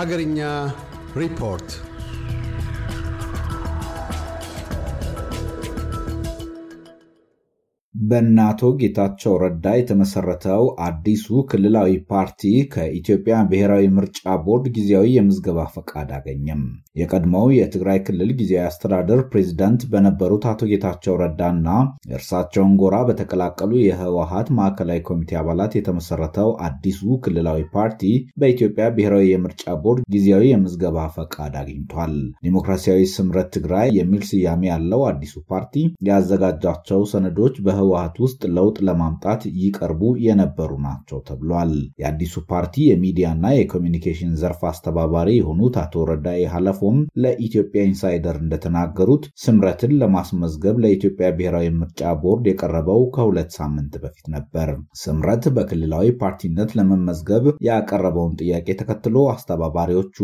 Hagarinya Report በእነ አቶ ጌታቸው ረዳ የተመሰረተው አዲሱ ክልላዊ ፓርቲ ከኢትዮጵያ ብሔራዊ ምርጫ ቦርድ ጊዜያዊ የምዝገባ ፈቃድ አገኘም። የቀድሞው የትግራይ ክልል ጊዜያዊ አስተዳደር ፕሬዚዳንት በነበሩት አቶ ጌታቸው ረዳና የእርሳቸውን ጎራ በተቀላቀሉ የህወሀት ማዕከላዊ ኮሚቴ አባላት የተመሰረተው አዲሱ ክልላዊ ፓርቲ በኢትዮጵያ ብሔራዊ የምርጫ ቦርድ ጊዜያዊ የምዝገባ ፈቃድ አግኝቷል። ዲሞክራሲያዊ ስምረት ትግራይ የሚል ስያሜ ያለው አዲሱ ፓርቲ ያዘጋጃቸው ሰነዶች በህወ በህወሀት ውስጥ ለውጥ ለማምጣት ይቀርቡ የነበሩ ናቸው ተብሏል። የአዲሱ ፓርቲ የሚዲያና የኮሚኒኬሽን ዘርፍ አስተባባሪ የሆኑት አቶ ረዳኤ ሀለፎም ለኢትዮጵያ ኢንሳይደር እንደተናገሩት ስምረትን ለማስመዝገብ ለኢትዮጵያ ብሔራዊ ምርጫ ቦርድ የቀረበው ከሁለት ሳምንት በፊት ነበር። ስምረት በክልላዊ ፓርቲነት ለመመዝገብ ያቀረበውን ጥያቄ ተከትሎ አስተባባሪዎቹ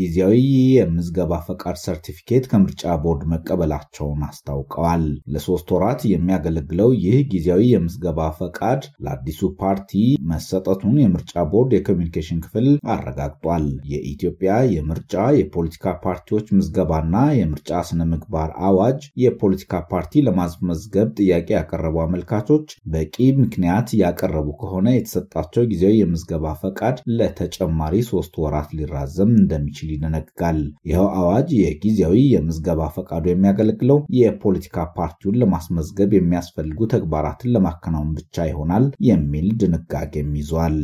ጊዜያዊ የምዝገባ ፈቃድ ሰርቲፊኬት ከምርጫ ቦርድ መቀበላቸውን አስታውቀዋል። ለሶስት ወራት የሚያገለግለው ይህ ይህ ጊዜያዊ የምዝገባ ፈቃድ ለአዲሱ ፓርቲ መሰጠቱን የምርጫ ቦርድ የኮሚኒኬሽን ክፍል አረጋግጧል። የኢትዮጵያ የምርጫ የፖለቲካ ፓርቲዎች ምዝገባና የምርጫ ስነ ምግባር አዋጅ የፖለቲካ ፓርቲ ለማስመዝገብ ጥያቄ ያቀረቡ አመልካቾች በቂ ምክንያት ያቀረቡ ከሆነ የተሰጣቸው ጊዜያዊ የምዝገባ ፈቃድ ለተጨማሪ ሶስት ወራት ሊራዘም እንደሚችል ይደነግጋል። ይኸው አዋጅ የጊዜያዊ የምዝገባ ፈቃዱ የሚያገለግለው የፖለቲካ ፓርቲውን ለማስመዝገብ የሚያስፈልጉ ተግባራትን ለማከናወን ብቻ ይሆናል የሚል ድንጋጌም ይዟል።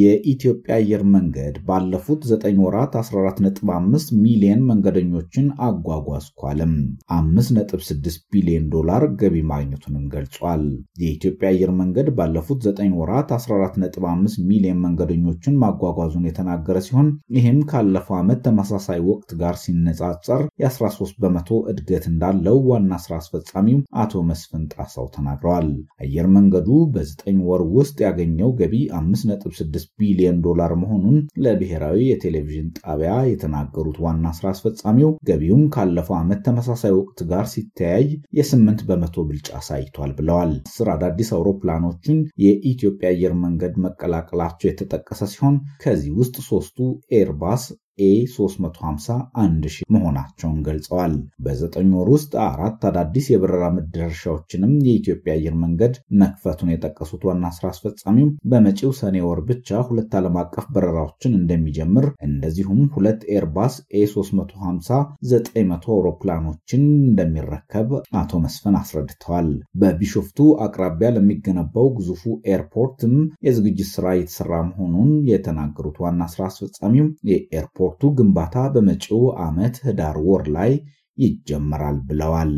የኢትዮጵያ አየር መንገድ ባለፉት 9 ወራት 14.5 ሚሊዮን መንገደኞችን አጓጓዝኳልም 5.6 ቢሊዮን ዶላር ገቢ ማግኘቱንም ገልጿል። የኢትዮጵያ አየር መንገድ ባለፉት 9 ወራት 14.5 ሚሊዮን መንገደኞችን ማጓጓዙን የተናገረ ሲሆን ይህም ካለፈው ዓመት ተመሳሳይ ወቅት ጋር ሲነጻጸር የ13 በመቶ እድገት እንዳለው ዋና ስራ አስፈጻሚው አቶ መስፍን ጣሳው ተናግረዋል። አየር መንገዱ በ9 ወር ውስጥ ያገኘው ገቢ 5 16 ቢሊዮን ዶላር መሆኑን ለብሔራዊ የቴሌቪዥን ጣቢያ የተናገሩት ዋና ስራ አስፈጻሚው ገቢውም ካለፈው ዓመት ተመሳሳይ ወቅት ጋር ሲተያይ የ8 በመቶ ብልጫ አሳይቷል ብለዋል። አስር አዳዲስ አውሮፕላኖችን የኢትዮጵያ አየር መንገድ መቀላቀላቸው የተጠቀሰ ሲሆን ከዚህ ውስጥ ሶስቱ ኤርባስ ኤ 351 ሺህ መሆናቸውን ገልጸዋል። በዘጠኝ ወር ውስጥ አራት አዳዲስ የበረራ መዳረሻዎችንም የኢትዮጵያ አየር መንገድ መክፈቱን የጠቀሱት ዋና ስራ አስፈጻሚው በመጪው ሰኔ ወር ብቻ ሁለት ዓለም አቀፍ በረራዎችን እንደሚጀምር እንደዚሁም ሁለት ኤርባስ ኤ 350 900 አውሮፕላኖችን እንደሚረከብ አቶ መስፈን አስረድተዋል። በቢሾፍቱ አቅራቢያ ለሚገነባው ግዙፉ ኤርፖርትም የዝግጅት ስራ የተሰራ መሆኑን የተናገሩት ዋና ስራ አስፈጻሚው የኤርፖርት የኤርፖርቱ ግንባታ በመጪው ዓመት ህዳር ወር ላይ ይጀመራል ብለዋል።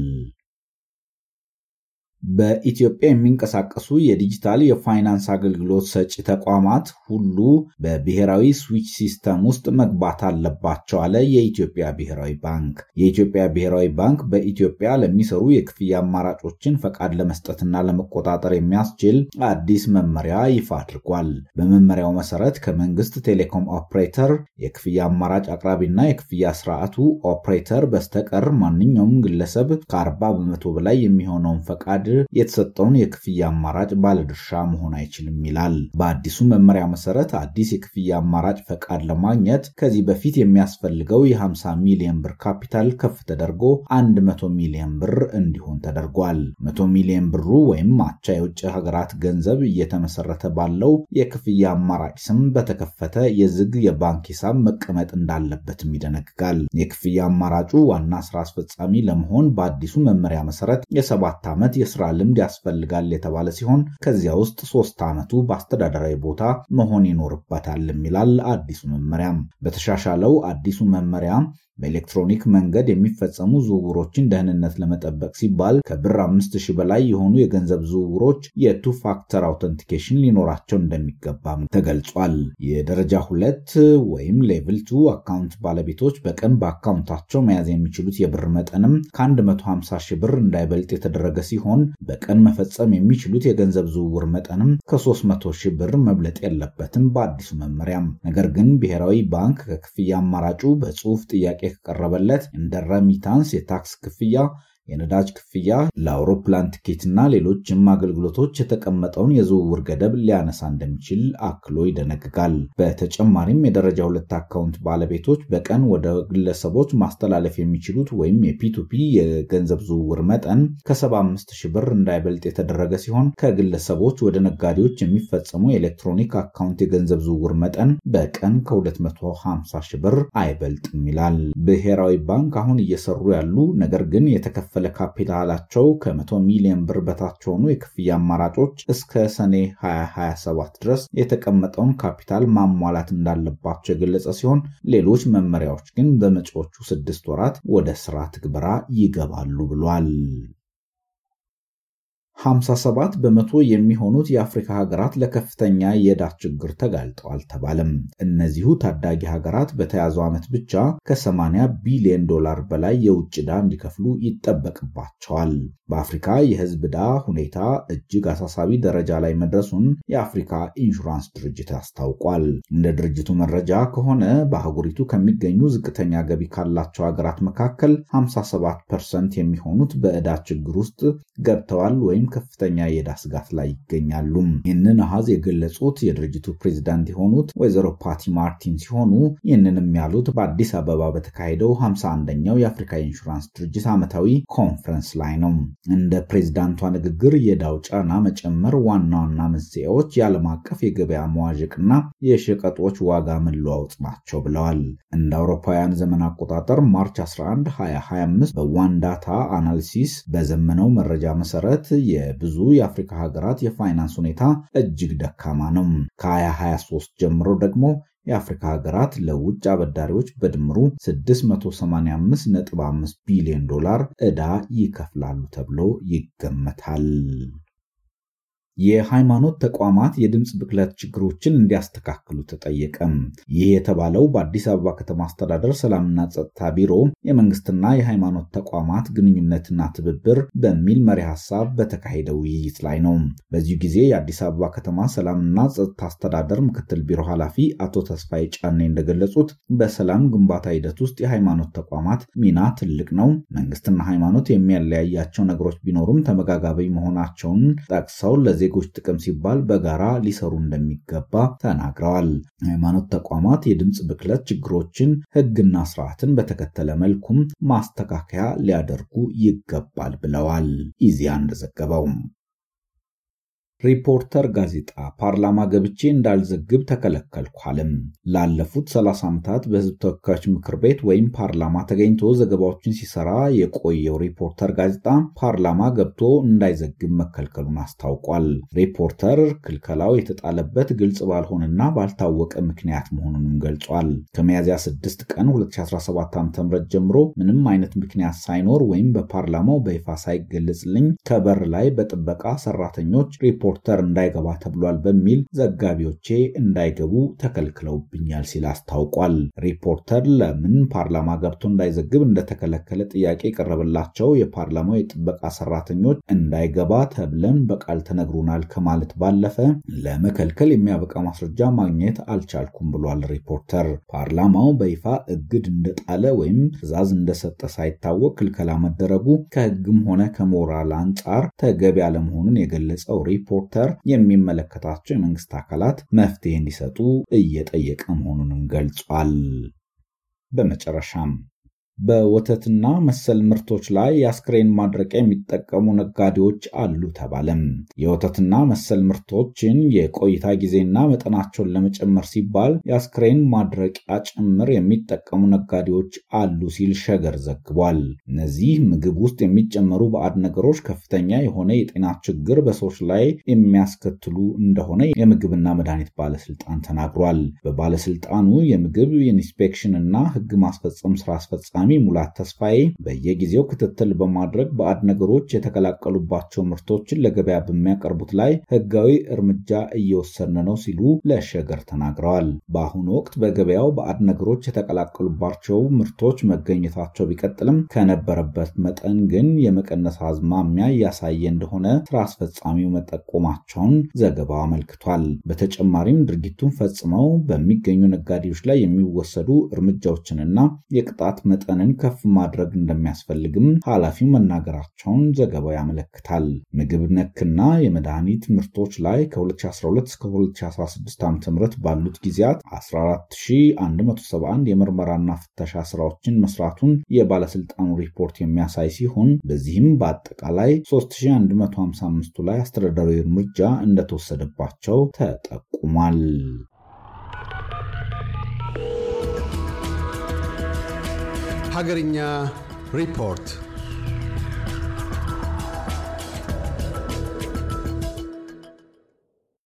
በኢትዮጵያ የሚንቀሳቀሱ የዲጂታል የፋይናንስ አገልግሎት ሰጪ ተቋማት ሁሉ በብሔራዊ ስዊች ሲስተም ውስጥ መግባት አለባቸው አለ የኢትዮጵያ ብሔራዊ ባንክ። የኢትዮጵያ ብሔራዊ ባንክ በኢትዮጵያ ለሚሰሩ የክፍያ አማራጮችን ፈቃድ ለመስጠትና ለመቆጣጠር የሚያስችል አዲስ መመሪያ ይፋ አድርጓል። በመመሪያው መሰረት ከመንግስት ቴሌኮም ኦፕሬተር የክፍያ አማራጭ አቅራቢና የክፍያ ስርዓቱ ኦፕሬተር በስተቀር ማንኛውም ግለሰብ ከ40 በመቶ በላይ የሚሆነውን ፈቃድ የተሰጠውን የክፍያ አማራጭ ባለድርሻ መሆን አይችልም ይላል። በአዲሱ መመሪያ መሰረት አዲስ የክፍያ አማራጭ ፈቃድ ለማግኘት ከዚህ በፊት የሚያስፈልገው የ50 ሚሊዮን ብር ካፒታል ከፍ ተደርጎ 100 ሚሊዮን ብር እንዲሆን ተደርጓል። 100 ሚሊዮን ብሩ ወይም አቻ የውጭ ሀገራት ገንዘብ እየተመሰረተ ባለው የክፍያ አማራጭ ስም በተከፈተ የዝግ የባንክ ሂሳብ መቀመጥ እንዳለበትም ይደነግጋል። የክፍያ አማራጩ ዋና ስራ አስፈጻሚ ለመሆን በአዲሱ መመሪያ መሰረት የሰባት ዓመት የስ የስራ ልምድ ያስፈልጋል የተባለ ሲሆን ከዚያ ውስጥ ሶስት ዓመቱ በአስተዳደራዊ ቦታ መሆን ይኖርበታል የሚላል አዲሱ መመሪያም። በተሻሻለው አዲሱ መመሪያ በኤሌክትሮኒክ መንገድ የሚፈጸሙ ዝውውሮችን ደህንነት ለመጠበቅ ሲባል ከብር አምስት በላይ የሆኑ የገንዘብ ዝውውሮች የቱ ፋክተር አውተንቲኬሽን ሊኖራቸው እንደሚገባም ተገልጿል። የደረጃ ሁለት ወይም ሌቭል ቱ አካውንት ባለቤቶች በቀን በአካውንታቸው መያዝ የሚችሉት የብር መጠንም ከ150 ሺህ ብር እንዳይበልጥ የተደረገ ሲሆን በቀን መፈጸም የሚችሉት የገንዘብ ዝውውር መጠንም ከ300 ሺህ ብር መብለጥ የለበትም በአዲሱ መመሪያም። ነገር ግን ብሔራዊ ባንክ ከክፍያ አማራጩ በጽሁፍ ጥያቄ ጥያቄ እንደ ረሚታንስ የታክስ ክፍያ የነዳጅ ክፍያ ለአውሮፕላን ትኬትና ሌሎችም አገልግሎቶች የተቀመጠውን የዝውውር ገደብ ሊያነሳ እንደሚችል አክሎ ይደነግጋል። በተጨማሪም የደረጃ ሁለት አካውንት ባለቤቶች በቀን ወደ ግለሰቦች ማስተላለፍ የሚችሉት ወይም የፒቱፒ የገንዘብ ዝውውር መጠን ከ75 ሺህ ብር እንዳይበልጥ የተደረገ ሲሆን ከግለሰቦች ወደ ነጋዴዎች የሚፈጸሙ የኤሌክትሮኒክ አካውንት የገንዘብ ዝውውር መጠን በቀን ከ250 ሺህ ብር አይበልጥም ይላል። ብሔራዊ ባንክ አሁን እየሰሩ ያሉ ነገር ግን የተከፈ የከፈለ ካፒታላቸው ከ100 ሚሊዮን ብር በታች የሆኑ የክፍያ አማራጮች እስከ ሰኔ 2027 ድረስ የተቀመጠውን ካፒታል ማሟላት እንዳለባቸው የገለጸ ሲሆን ሌሎች መመሪያዎች ግን በመጪዎቹ ስድስት ወራት ወደ ስራ ትግበራ ይገባሉ ብሏል። 57 በመቶ የሚሆኑት የአፍሪካ ሀገራት ለከፍተኛ የዕዳ ችግር ተጋልጠዋል ተባለም። እነዚሁ ታዳጊ ሀገራት በተያዘው ዓመት ብቻ ከ80 ቢሊዮን ዶላር በላይ የውጭ ዕዳ እንዲከፍሉ ይጠበቅባቸዋል። በአፍሪካ የህዝብ ዕዳ ሁኔታ እጅግ አሳሳቢ ደረጃ ላይ መድረሱን የአፍሪካ ኢንሹራንስ ድርጅት አስታውቋል። እንደ ድርጅቱ መረጃ ከሆነ በአህጉሪቱ ከሚገኙ ዝቅተኛ ገቢ ካላቸው ሀገራት መካከል 57 ፐርሰንት የሚሆኑት በዕዳ ችግር ውስጥ ገብተዋል ወይም ከፍተኛ የዕዳ ስጋት ላይ ይገኛሉ። ይህንን አሃዝ የገለጹት የድርጅቱ ፕሬዚዳንት የሆኑት ወይዘሮ ፓቲ ማርቲን ሲሆኑ ይህንንም ያሉት በአዲስ አበባ በተካሄደው 51ኛው የአፍሪካ ኢንሹራንስ ድርጅት ዓመታዊ ኮንፈረንስ ላይ ነው። እንደ ፕሬዚዳንቷ ንግግር የዕዳው ጫና መጨመር ዋና ዋና መንስኤዎች የዓለም አቀፍ የገበያ መዋዠቅና የሸቀጦች ዋጋ መለዋወጥ ናቸው ብለዋል። እንደ አውሮፓውያን ዘመን አቆጣጠር ማርች 11 2025 በዋንዳታ አናሊሲስ በዘመነው መረጃ መሰረት የ የብዙ የአፍሪካ ሀገራት የፋይናንስ ሁኔታ እጅግ ደካማ ነው። ከ2023 ጀምሮ ደግሞ የአፍሪካ ሀገራት ለውጭ አበዳሪዎች በድምሩ 685.5 ቢሊዮን ዶላር ዕዳ ይከፍላሉ ተብሎ ይገመታል። የሃይማኖት ተቋማት የድምፅ ብክለት ችግሮችን እንዲያስተካክሉ ተጠየቀም። ይህ የተባለው በአዲስ አበባ ከተማ አስተዳደር ሰላምና ጸጥታ ቢሮ የመንግስትና የሃይማኖት ተቋማት ግንኙነትና ትብብር በሚል መሪ ሀሳብ በተካሄደ ውይይት ላይ ነው። በዚሁ ጊዜ የአዲስ አበባ ከተማ ሰላምና ጸጥታ አስተዳደር ምክትል ቢሮ ኃላፊ አቶ ተስፋዬ ጫኔ እንደገለጹት በሰላም ግንባታ ሂደት ውስጥ የሃይማኖት ተቋማት ሚና ትልቅ ነው። መንግስትና ሃይማኖት የሚያለያያቸው ነገሮች ቢኖሩም ተመጋጋቢ መሆናቸውን ጠቅሰው ለዜ ዜጎች ጥቅም ሲባል በጋራ ሊሰሩ እንደሚገባ ተናግረዋል። የሃይማኖት ተቋማት የድምፅ ብክለት ችግሮችን ህግና ስርዓትን በተከተለ መልኩም ማስተካከያ ሊያደርጉ ይገባል ብለዋል። ኢዜአ እንደዘገበው ሪፖርተር ጋዜጣ ፓርላማ ገብቼ እንዳልዘግብ ተከለከልኩ አለም። ላለፉት 30 ዓመታት በህዝብ ተወካዮች ምክር ቤት ወይም ፓርላማ ተገኝቶ ዘገባዎችን ሲሰራ የቆየው ሪፖርተር ጋዜጣ ፓርላማ ገብቶ እንዳይዘግብ መከልከሉን አስታውቋል። ሪፖርተር ክልከላው የተጣለበት ግልጽ ባልሆነና ባልታወቀ ምክንያት መሆኑንም ገልጿል። ከሚያዝያ 6 ቀን 2017 ዓ.ም ጀምሮ ምንም አይነት ምክንያት ሳይኖር ወይም በፓርላማው በይፋ ሳይገለጽልኝ ከበር ላይ በጥበቃ ሰራተኞች ሪፖርት ሪፖርተር እንዳይገባ ተብሏል በሚል ዘጋቢዎቼ እንዳይገቡ ተከልክለውብኛል ሲል አስታውቋል። ሪፖርተር ለምን ፓርላማ ገብቶ እንዳይዘግብ እንደተከለከለ ጥያቄ የቀረበላቸው የፓርላማው የጥበቃ ሰራተኞች እንዳይገባ ተብለን በቃል ተነግሩናል ከማለት ባለፈ ለመከልከል የሚያበቃ ማስረጃ ማግኘት አልቻልኩም ብሏል ሪፖርተር። ፓርላማው በይፋ እግድ እንደጣለ ወይም ትዕዛዝ እንደሰጠ ሳይታወቅ ክልከላ መደረጉ ከህግም ሆነ ከሞራል አንጻር ተገቢ አለመሆኑን የገለጸው ሪፖርተር ሪፖርተር የሚመለከታቸው የመንግስት አካላት መፍትሄ እንዲሰጡ እየጠየቀ መሆኑንም ገልጿል። በመጨረሻም በወተትና መሰል ምርቶች ላይ የአስክሬን ማድረቂያ የሚጠቀሙ ነጋዴዎች አሉ ተባለም። የወተትና መሰል ምርቶችን የቆይታ ጊዜና መጠናቸውን ለመጨመር ሲባል የአስክሬን ማድረቂያ ጭምር የሚጠቀሙ ነጋዴዎች አሉ ሲል ሸገር ዘግቧል። እነዚህ ምግብ ውስጥ የሚጨመሩ ባዕድ ነገሮች ከፍተኛ የሆነ የጤና ችግር በሰዎች ላይ የሚያስከትሉ እንደሆነ የምግብና መድኃኒት ባለስልጣን ተናግሯል። በባለስልጣኑ የምግብ ኢንስፔክሽንና ሕግ ማስፈጸም ስራ አስፈጻሚ ተጠቃሚ ሙላት ተስፋዬ በየጊዜው ክትትል በማድረግ ባዕድ ነገሮች የተቀላቀሉባቸው ምርቶችን ለገበያ በሚያቀርቡት ላይ ህጋዊ እርምጃ እየወሰነ ነው ሲሉ ለሸገር ተናግረዋል። በአሁኑ ወቅት በገበያው በአድ ነገሮች የተቀላቀሉባቸው ምርቶች መገኘታቸው ቢቀጥልም ከነበረበት መጠን ግን የመቀነስ አዝማሚያ እያሳየ እንደሆነ ስራ አስፈጻሚው መጠቆማቸውን ዘገባው አመልክቷል። በተጨማሪም ድርጊቱን ፈጽመው በሚገኙ ነጋዴዎች ላይ የሚወሰዱ እርምጃዎችንና የቅጣት መጠን ሚዛንን ከፍ ማድረግ እንደሚያስፈልግም ኃላፊው መናገራቸውን ዘገባው ያመለክታል። ምግብ ነክና የመድኃኒት ምርቶች ላይ ከ2012 እስከ 2016 ዓ ም ባሉት ጊዜያት 14171 የምርመራና ፍተሻ ስራዎችን መስራቱን የባለስልጣኑ ሪፖርት የሚያሳይ ሲሆን በዚህም በአጠቃላይ 3155ቱ ላይ አስተዳደራዊ እርምጃ እንደተወሰደባቸው ተጠቁሟል። Hagarinya Report